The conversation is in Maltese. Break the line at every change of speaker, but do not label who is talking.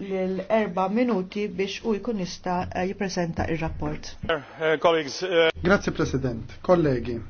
lil erba minuti biex u jkun jista' jippreżenta ir-rapport.
Uh, uh,
Grazie President, kollegi.